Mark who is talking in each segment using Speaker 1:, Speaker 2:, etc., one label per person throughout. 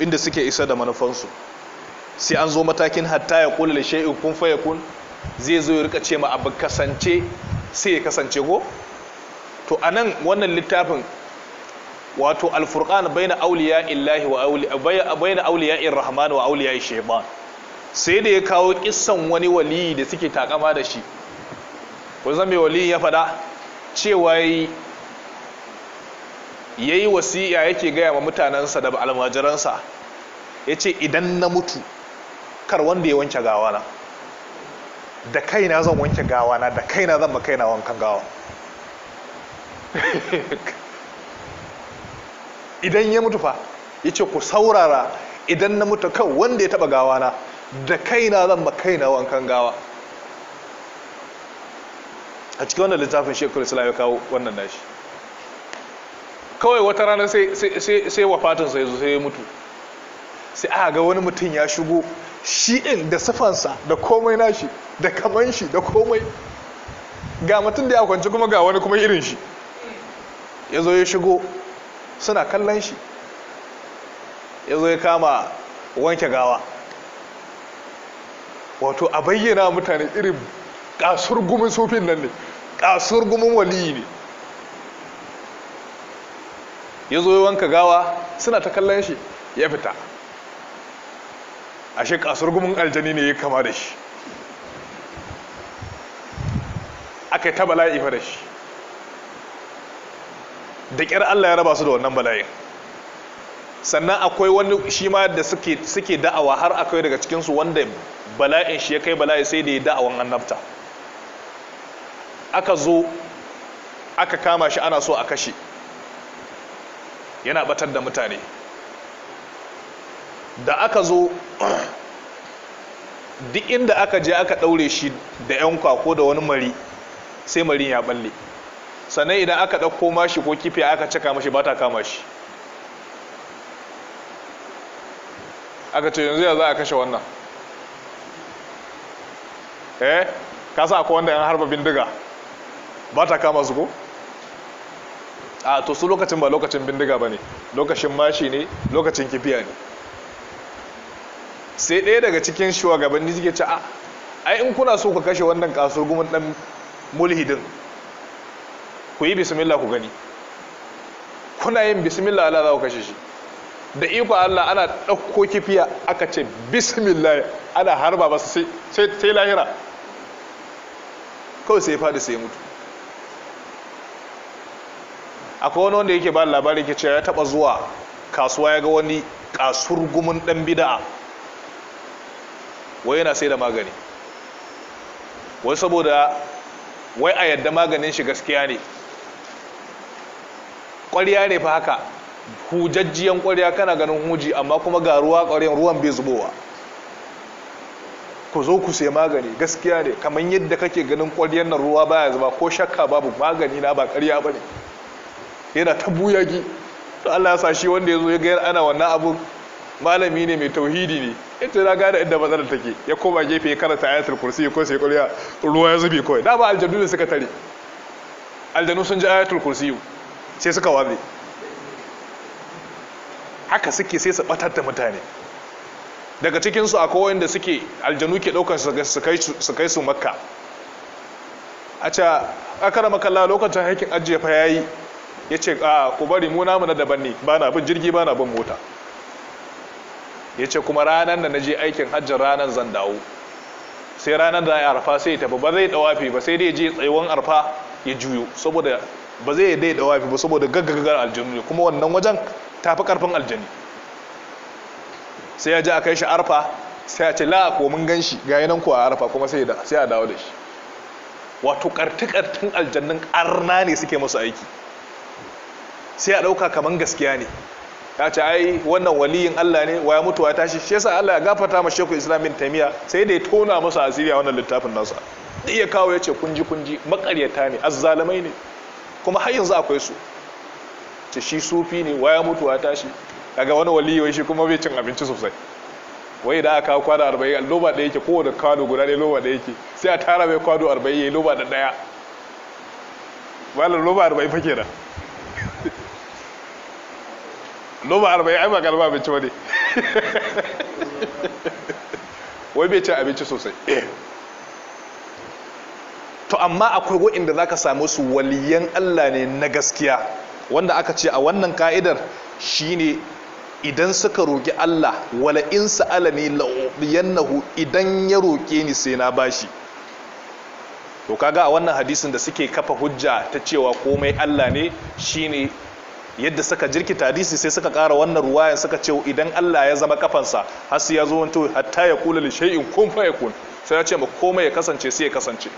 Speaker 1: inda suke isa da manufansu sai an zo matakin hatta ya kula da shay'in kun faya kun zai zo ya rika ce ma abu kasance sai ya kasance ko to a nan wannan littafin wato alfurqan baina auliya illahi wa rahman wa awliya shaytan sai da ya kawo kissan wani waliyi da suke takama da shi ko zan mai waliyi ya fada cewa yi. yayi wasiya yake gaya wa mutanensa da almajiransa yace idan na mutu kar wanda ya wanke gawana da kaina zan wanke gawana da kaina zan ba kaina wankan gawa idan ya mutu fa yace ku saurara idan na mutu kan wanda ya taba gawana da kaina zan ba kaina wankan gawa a cikin wannan littafin shekaru islam ya kawo wannan nashi kawai wata rana sai wafatinsa sai zo sai ya mutu sai aka ga wani mutum ya shigo shi in, da sifansa da komai nashi da kaman shi da komai ga mutum da ya kwanci kuma ga wani kuma irin shi ya zo ya shigo suna kallon shi ya zo ya kama wanke gawa wato a bayyana mutane irin kasur gumin sufin nan ne kasur gumin waliyi ne ya zo wanka gawa suna ta kallon shi ya fita ashe kasar gumin aljani ne ya kama da shi aka yi ta bala'i fa da shi da ƙyar allah ya raba su da wannan bala'in sannan akwai wani shi ma da suke da'awa har akwai daga cikinsu wanda bala'in shi ya kai bala'i sai da ya da'awan annabta aka zo aka kama shi ana so a kashe yana batar da mutane da aka zo duk inda aka je aka ɗaure shi da 'yan kwako da wani mari sai marin ya balle sannan idan aka ɗauko mashi ko kifi aka cika mashi ba ta kama shi aka ce yanzu ya za a kashe wannan eh kasa akwai wanda yan harba bindiga ba ta kama su ko? a to su lokacin ba lokacin bindiga ba ne lokacin mashi ne lokacin kifiya ne sai ɗaya daga cikin shugabanni suke ce a ah, ai in kuna so ku kashe wannan kasuwar gumin ɗan mulhidin ku yi bismillah ku gani kuna yin bismillah Allah za ku kashe shi da iko Allah ana ɗauko kifiya aka ce bismillah ana harba ba sai lahira kawai sai ya fadi sai ya mutu akwai wani wanda yake ba labari ke ce ya taba zuwa kasuwa ya ga wani kasur gumin dan bida'a wai yana sai da magani wai saboda wai a yadda maganin shi gaskiya ne ƙwarya ne fa haka hujajjiyan ƙwarya kana ganin huji amma kuma ga ruwa ƙwaryan ruwan bai zubowa ku zo ku sai magani gaskiya ne kamar yadda kake ganin ƙwaryan nan ruwa baya zuba ko shakka babu magani na ba ƙarya ba ne yana ta buyagi to Allah ya sa shi wanda ya zo ya ga ana wannan abu. malami ne mai tauhidi ne ita na gane inda matsalar take ya koma gefe ya karanta ayatul kursi ko sai kulliya ruwa ya zube kawai da ba aljannu ne suka tare aljannu sun ji ayatul kursi sai suka wabe haka suke sai su batar da mutane daga cikin su akwai wanda suke aljanu ke daukar su kai su makka a ce akara makalla lokacin haikin ajiye fa yayi ya ce a ah, ku bari mu namu na daban ne ba na bin jirgi ba na bin mota ya ce kuma ranar da na je aikin hajjin ranar zan dawo sai ranar da ya arfa sai ya tafi ba zai dawafi ba sai dai je tsayuwan arfa ya juyo saboda ba zai dai dawafi ba saboda gaggagar aljanu ne kuma wannan wajen tafi karfin aljani sai ya ji a kai shi arfa sai ya ce la ko mun gan shi ga yanan kuwa arfa kuma sai ya dawo da shi wato karti kartin aljannin karna ne suke masu aiki sai a ɗauka kaman gaskiya ne ya ce ai wannan waliyin Allah ne waya mutuwa tashi shi yasa Allah ya gafarta ma Sheikh Islam bin Taymiya sai da ya tona masa asiri a wannan littafin nasa da iya kawo ya ce kunji kunji makaryata ne azzalamai ne kuma har yanzu akwai su ce shi sufi ne waya mutuwa tashi daga wani waliyi shi kuma bai cin abinci sosai wai da aka kwado 40 loba da yake kowane kwado guda ne loba da yake sai a tara mai kwado 40 yayi loba da ɗaya wala loba 40 fa kenan noma arba'in ai ba abinci ba wai bai ci abinci sosai eh. to amma akwai wa'inda za ka samu su waliyan Allah ne na gaskiya wanda aka ce a wannan ka'idar shine idan suka roƙi Allah wala in sa'ala ne la'ubiyannahu idan ya roƙe ni sai na bashi to kaga a wannan hadisin da suke kafa hujja ta cewa komai Allah ne shine yadda suka jirkita hadisi sai suka kara wannan ruwa ruwayan suka ce idan Allah ya zama kafansa har sai ya zo wanto hatta ya kula li shay'in kun fa yakun sai ya ce ma komai ya kasance sai ya kasance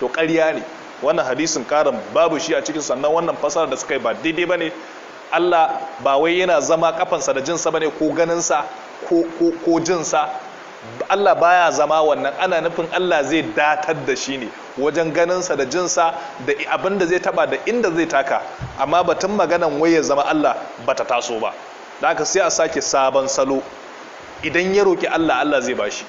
Speaker 1: to ƙarya ne wannan hadisin karin babu shi a cikin sannan wannan fasara da suka yi ba daidai bane Allah ba wai yana zama kafansa da jinsa bane ko ganinsa ko ko ko jinsa Allah baya zama wannan ana nufin Allah zai datar da shi ne wajen ganinsa da jinsa da abin da zai taba da inda zai taka amma batun maganan wai ya zama Allah bata taso ba da haka sai a sake sabon salo idan ya roki Allah Allah zai bashi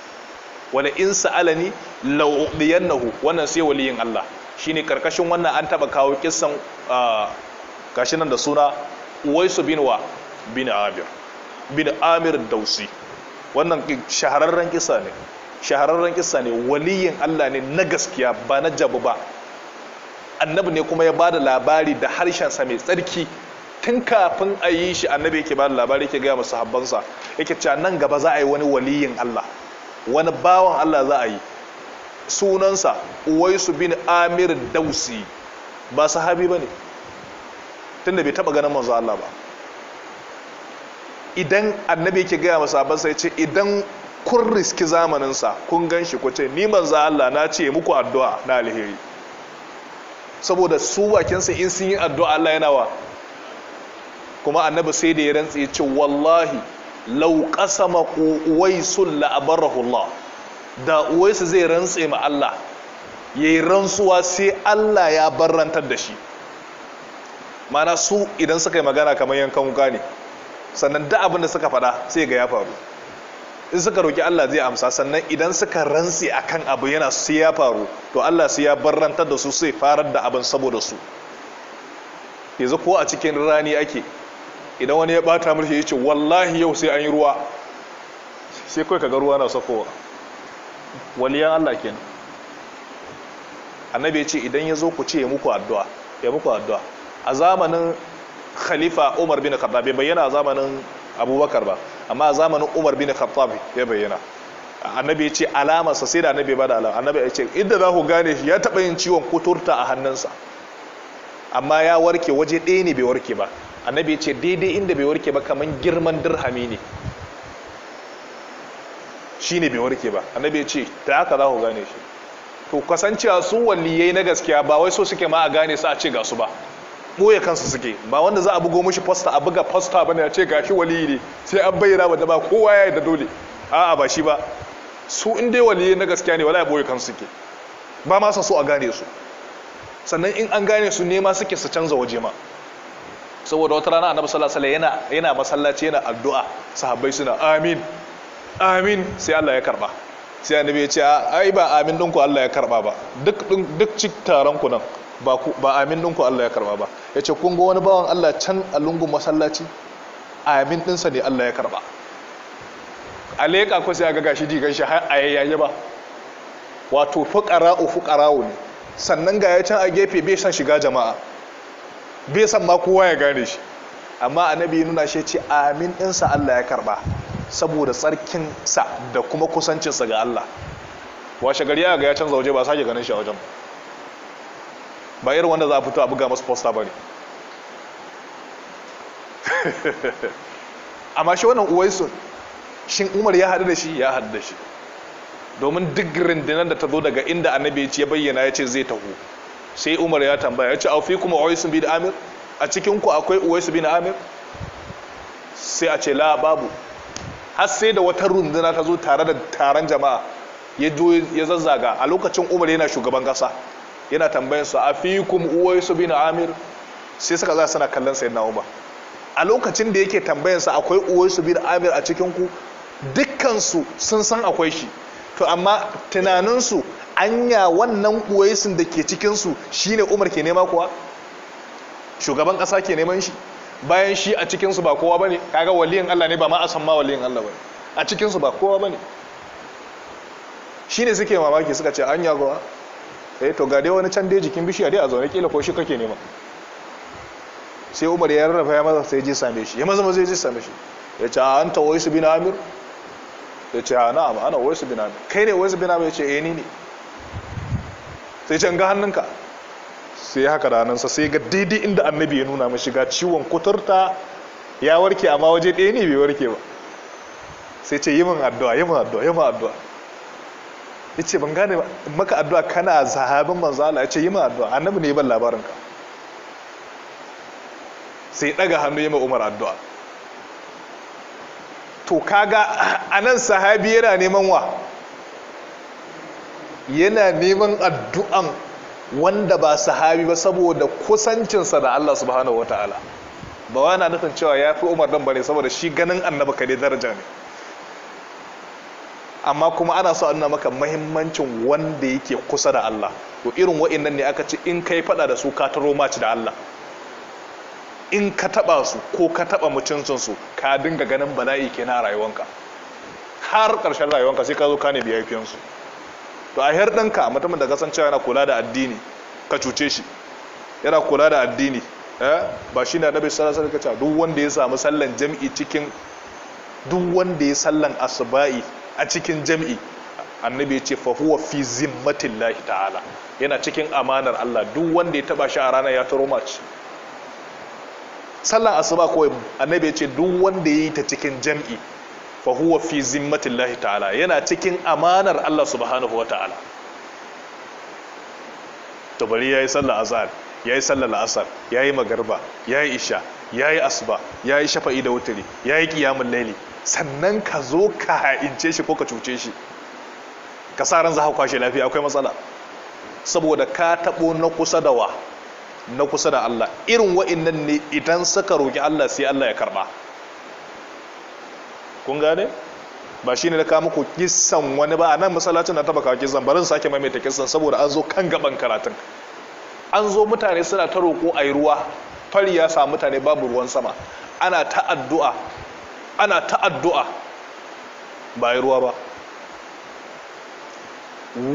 Speaker 1: wala in sa'alani nahu wannan sai waliyin Allah shine karkashin wannan an taba kawo kissan gashi nan da suna Uwaisu bin wa bin Amir bin Amir Dausi wannan shahararren kisa ne shahararren kisa ne waliyin Allah ne na gaskiya ba na jabu ba annabi ne kuma ya bada labari da harshensa mai tsarki tun kafin a yi shi annabi yake bada labari yake gaya masu habbansa yake cewa nan gaba za a yi wani waliyin Allah wani bawan Allah za a yi sunansa uwaisu bin amir dausi ba sahabi ba ne tunda bai taba ganin manzo Allah ba idan annabi yake gaya masu habbansa ya ce idan kun riski zamaninsa kun gan shi kwace ni za Allah na ce muku addu'a na alheri saboda su bakinsa in sun yi addu'a Allah yana wa kuma annabi sai da ya rantse ya ce wallahi law qasama uwaisul la abarahu Allah da uwaisu zai rantse ma Allah yayi rantsuwa sai Allah ya barrantar da shi mana su idan suka yi magana kamar yankan wuka ne sannan da abin da suka faɗa sai ga ya faru in suka roki Allah zai amsa sannan idan suka rantsi akan abu yana su ya faru to Allah su ya barrantar da su sai farar da abin saboda su yanzu ko a cikin rani ake idan wani ya bata mulki ya ce wallahi yau sai an yi ruwa sai kai kaga ruwa na sakowa waliyan Allah kenan annabi ya ce idan ya zo ku ce ya muku addu'a ya muku addu'a a zamanin khalifa Umar bin Khattab bai bayyana a zamanin Abubakar ba amma zamanin Umar bin Khattab ya bayyana annabi ya ce alama sa sai da annabi ba da alama annabi ya ce inda za ku gane shi ya taɓa yin ciwon kuturta a hannunsa amma ya warke waje ɗaya ne bai warke ba annabi ya ce daidai inda bai warke ba kamar girman dirhami ne shi ne bai warke ba annabi ya ce ta haka za ku gane shi to kasancewa su waliyai na gaskiya ba wai so suke ma a gane su a ce ga su ba ɓoye kansu suke ba wanda za a bugo mushi fosta a buga fosta ba ne a ce gashi waliyi ne sai an bayyana da ba kowa ya da dole a'a ba shi ba su in dai waliyi na gaskiya ne wala ya ɓoye kansu suke ba ma sa so a gane su sannan in an gane su nema suke su canza waje ma saboda wata rana annabi sallallahu alaihi wasallam yana masallaci yana addu'a sahabbai suna amin amin sai Allah ya karba sai annabi ya ce ai ba amin dinku Allah ya karba ba duk duk cik taron ku nan ba amin dinku Allah ya karba ba ya ce kunga wani bawan Allah can a lungun masallaci amin ɗinsa ne Allah ya karba a leƙa ko sai ga gashi digan shi har ayayyaye ba wato fuqara'u fuqara'u ne sannan ga ya can a gefe bai san shiga jama'a bai san ma kowa ya gane shi amma annabi ya nuna shi ce amin ɗinsa Allah ya karba saboda tsarkin sa da kuma kusancinsa ga Allah washe gari ya ga ya canza waje ba sake ganin shi a wajen ba ba irin wanda za a fito a buga masu posta ba ne amma shi wannan uwaisun shin umar ya haɗu da shi ya haɗu da shi domin duk rindinan da ta zo daga inda annabi ya bayyana ya ce zai taho sai umar ya tambaya ya ce a fi kuma uwaisun bin amir a cikin ku akwai bi bin amir sai a ce la babu har sai da wata runduna ta zo tare da taron jama'a ya zazzaga a lokacin umar yana shugaban kasa yana tambayar su afikum uwaisu bin amir sai suka za suna kallon na umar a lokacin da yake tambayar sa akwai uwaisu bin amir a cikin ku dukkan su sun san akwai shi to amma tunanin su anya wannan uwaisun da ke cikin su shine umar ke nema kuwa shugaban kasa ke neman shi bayan shi a cikin su ba kowa bane kaga waliyin Allah ne ba ma a san ma waliyin Allah bane a cikin su ba kowa bane shine suke mamaki suka ce anya gowa eh to ga dai wani can dai jikin bishiya dai a zaune kila ko shi kake nema sai umar ya rarrafa ya maza sai ji same shi ya maza maza ji same shi ya ce an ta waisu bin amir ya ce a na'am ana waisu bin amir kai ne waisu bin amir ya ce eh ni ne sai can ga hannunka sai haka da hannunsa sai ga daidai inda annabi ya nuna mashi ga ciwon kuturta ya warke amma waje ɗaya ne bai warke ba sai ce yi min addu'a yi min addu'a yi min addu'a ya ce ban gane maka addu'a kana sahabin manzo Allah ya ce yi ma addu'a annabi ne ban labarin ka sai daga hannu ya ma Umar addu'a to kaga anan sahabi yana neman wa yana neman addu'an wanda ba sahabi ba saboda kusancinsa da Allah subhanahu wataala ba wana nufin cewa ya fi Umar dan bane saboda shi ganin annabi kare daraja ne amma kuma ana so a nuna maka mahimmancin wanda yake kusa da Allah to irin wa'annan ne aka ce in kai fada da su ka taro maci da Allah in ka taba su ko ka taba mutuncin su ka dinga ganin bala'i kenan rayuwanka har karshen rayuwanka sai ka zo ka ne biyafiyan su to a her ɗinka mutumin da cewa yana kula da addini ka cuce shi yana kula da addini eh? ba shi ne annabi sallallahu alaihi wasallam duk wanda ya samu sallan jami'i cikin duk wanda ya sallan asba'i a cikin jam'i annabi ya ce fahuwa fi zimmatin lahi ta'ala yana cikin amanar Allah duk wanda ya taba shi a ranar ya taro mace sallan asuba kawai annabi ya ce duk wanda ya yi ta cikin jam'i fahuwa fi zimmatin lahi ta'ala yana cikin amanar Allah subhanahu wa ta'ala tabari ya yi sallar azhar ya yi sallar la'asar ya yi magarba ya yi isha yayi asuba yayi shafa'i da wuturi yi ƙiyamun laili sannan ka zo ka ha'ince shi ko ka cuce shi ka sa ran za ka kwashe lafiya akwai matsala saboda ka taɓo na kusa da wa na kusa da Allah irin nan ne idan suka roƙi Allah sai Allah ya karɓa. kun gane ba shine da ka muku kisan wani ba anan masallacin na taba kawo kissan barin sake maimaita kissan saboda an zo kan gaban karatun an zo mutane suna ta roko yi ruwa fari ya samu mutane babu ruwan sama ana ta'addu'a ana ta'addu'a ba yi ruwa ba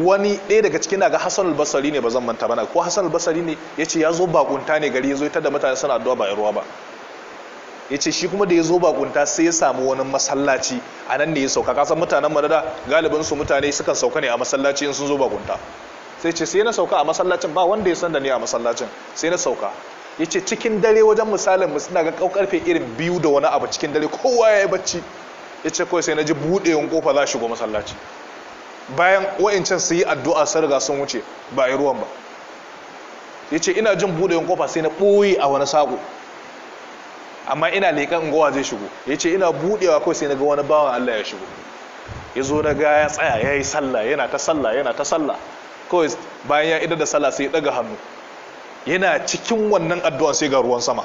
Speaker 1: wani ɗaya daga cikin daga hassan albasari ne ba zan manta bana ko hassan albasari ne ya ce ya zo bakunta ne gari ya zo ta da mutane suna addu'a ba yi ruwa ba ya ce shi kuma da ya zo bakunta sai ya samu wani masallaci a nan ne ya sauka kasan mutanen madada galibin su mutane sukan sauka ne a masallaci in sun zo bakunta sai ce sai na sauka a masallacin ba wanda ya san da ni a masallacin sai na sauka yace cikin dare wajen misalin mu suna ga kaukarfe irin biyu da wani abu cikin dare kowa ya yi bacci yace kawai sai na ji buɗewan kofa za shigo masallaci bayan wa'incan su yi addu'a sun riga sun wuce ba a yi ruwan ba yace ina jin buɗewan kofa sai na ɓoye a wani saƙo amma ina leƙen unguwa zai shigo yace ina buɗewa kawai sai na ga wani bawan Allah ya shigo ya zo na ga ya tsaya ya yi sallah yana ta sallah yana ta sallah kawai bayan ya idar da sallah sai ya ɗaga hannu yana cikin wannan addu'an sai ga ruwan sama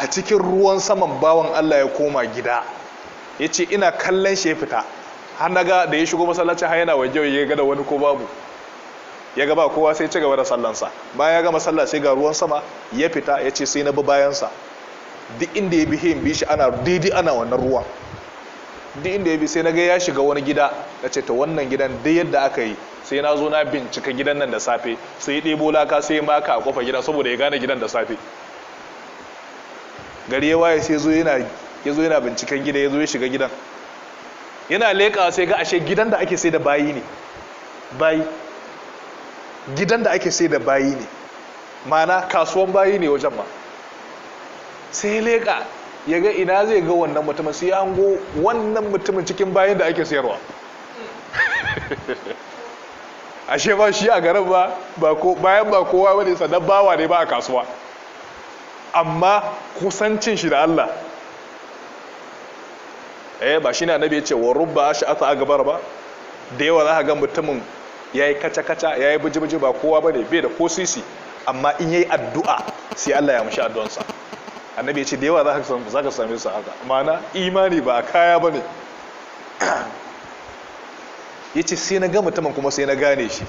Speaker 1: a cikin ruwan saman bawan Allah ya koma gida ya ce ina kallon shi ya fita har naga da ya shigo masallaci har yana waje ya gada wani ko babu ya gaba kowa sai ci gaba da sallansa bayan ya gama sallah sai ga ruwan sama ya fita ya ce sai na bi bayansa duk inda ya bi bi shi ana daidai ana wannan ruwan duk inda ya bi sai na ga ya shiga wani gida na ce ta wannan gidan duk yadda aka yi sai na zo na bincika gidan nan da safe sai ya ɗebo laka sai ya maka a kofar gidan saboda ya gane gidan da safe gari ya waye sai ya zo yana binciken gida ya zo ya shiga gidan yana leƙa sai ga ashe gidan da ake sai da bayi ne bayi gidan da ake sai da bayi ne ma'ana kasuwan bayi ne wajen ma sai ya leƙa ya ga ina zai ga wannan mutumin sai ya hango wannan mutumin cikin bayan da ake sayarwa ashe ba shi a garin ba bayan ba kowa wani sannan bawa ne ba a kasuwa amma kusancin shi da Allah eh ba shi na nabi ya ce wa rubba shi asa a gabar ba da yawa za ka ga mutumin ya yi kaca-kaca ya yi buji-buji ba kowa ba ne bai da ko sisi amma in ya yi addu'a sai Allah ya mushi addu'ansa annabi ya ce da yawa za ka same su haka mana imani ba a kaya ba ne ya ce sai na ga mutumin kuma sai na gane shi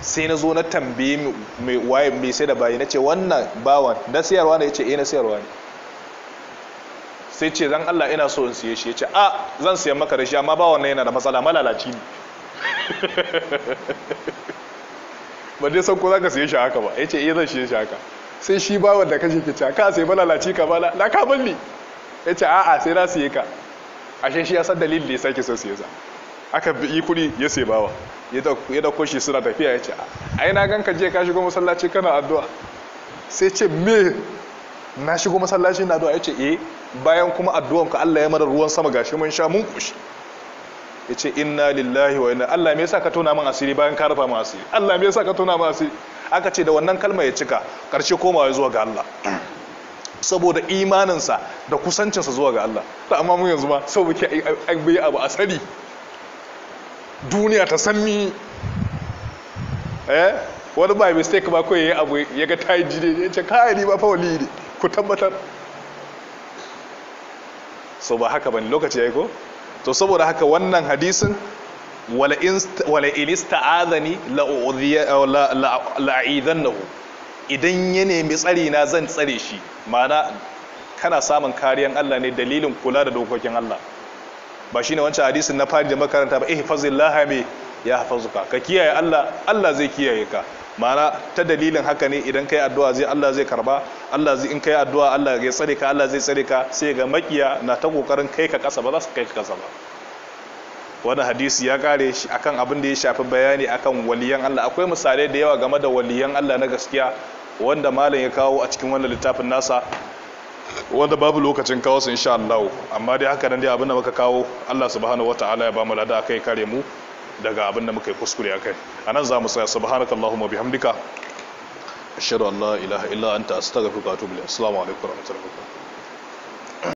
Speaker 1: sai na zo na tambayi mai waye mai sai da bayi na ce wannan bawan na siyarwa ne ya ce eh na siyarwa ne sai ce zan Allah ina so in siye shi ya ce a ah, zan siyan maka da shi amma bawan na yana da matsala malalaci ne ba dai san ko za ka siye shi haka ba ya ce iya eh, zan siye shi haka sai shi ba wanda kashe ke ca ka sai ba lalaci ka ba na ka bulli ya ce a'a sai na siye ka ashe shi ya san dalilin da ya sake son siye sa aka bi kuri ya sai bawa ya da koshi suna tafiya ya ce ai na ganka je ka shigo masallaci kana addu'a sai ce me na shigo masallaci na addu'a ya ce eh bayan kuma addu'an ka Allah ya mara ruwan sama gashi mun sha mun kushi ya ce inna lillahi wa inna Allah me yasa ka tona min asiri bayan ka rufa min asiri Allah me yasa ka tona min asiri aka ce da wannan kalma ya cika karshe komawa zuwa ga Allah saboda imaninsa da kusancinsa zuwa ga Allah da amma mun yanzu ma sau muke bai abu a sani duniya ta sanmi eh wani ba mistake ba kawai ya abu ya ga tayi jide ya ce kai ni ba fawali ne ku tabbatar so ba haka bane lokaci ya yi ko to saboda haka wannan hadisin wala ilista adani la'a'idan eh, nahu idan ya nemi tsari na zan tsare shi mana kana samun kariyan Allah ne dalilin kula da dokokin Allah ba shine wancan hadisin na fari da makaranta ba ihfazillaha me ya hafazuka ka kiyaye Allah Allah zai kiyaye ka mana ta dalilin haka ne idan kai addu'a zai Allah zai karba Allah zai in kai addu'a Allah ya tsare ka Allah zai tsare ka sai ga makiya na ta kokarin kai ka kasa ba za su kai ka kasa ba wani hadisi ya kare shi akan abin da ya shafi bayani akan waliyan Allah akwai misalai da yawa game da waliyan Allah na gaskiya wanda malam ya kawo a cikin wannan littafin nasa wanda babu lokacin kawo su insha Allah amma dai haka nan dai abin da muka kawo Allah subhanahu wataala ya ba mu lada akai kare mu daga abin da muka yi kuskure akai anan za mu tsaya subhanakallahumma bihamdika ashhadu an la ilaha illa anta astaghfiruka wa atubu ilayk assalamu alaikum wa rahmatullahi wa barakatuh